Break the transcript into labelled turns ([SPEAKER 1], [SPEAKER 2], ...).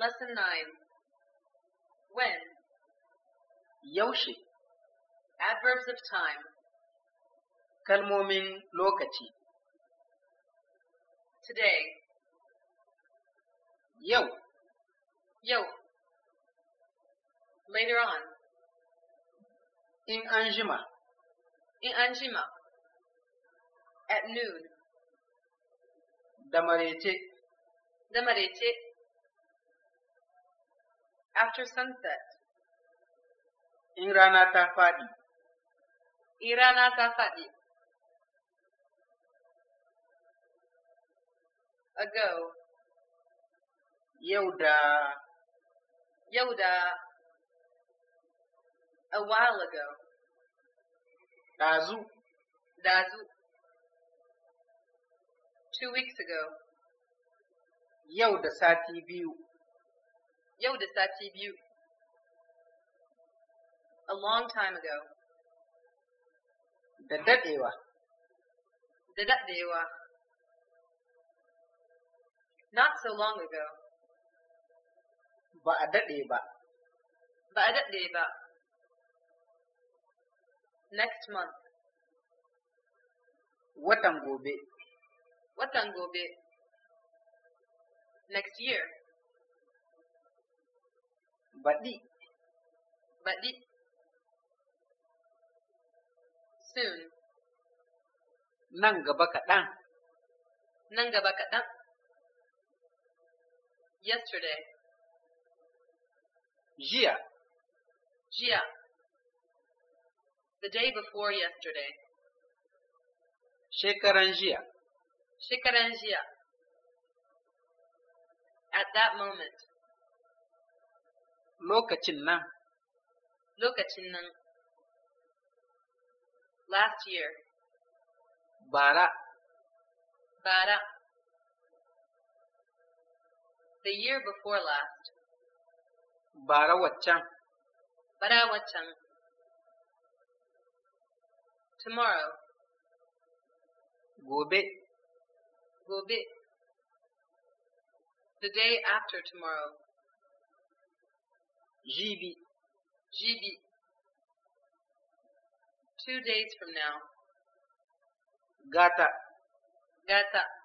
[SPEAKER 1] Lesson 9. When. Yoshi. Adverbs of time. Kalmomin lokaci. Today. Yo. Yo. Later on. In anjima. In anjima. At noon. Da marece after sunset. In rana ta faɗi. In rana Ago. Yau da. A while ago. Dazu. Dazu. Two weeks ago. Yau sati biyu. Yodasati Butte a long time ago. Dadadewa. Dadadewa. Not so long ago. Ba'adadeba. Ba'adadeba. Next month. Watan gobe. Watan be? Next year but did but did soon nan gaba kaɗan nan gaba kaɗan yesterday jiya jiya the day before yesterday shekaran jiya shekaran jiya at that moment lokacin nan lokacin nan last year bara bara the year before last bara waccan bara waccan tomorrow gobe gobe the day after tomorrow GB. GB. Two days from now. Gata. Gata.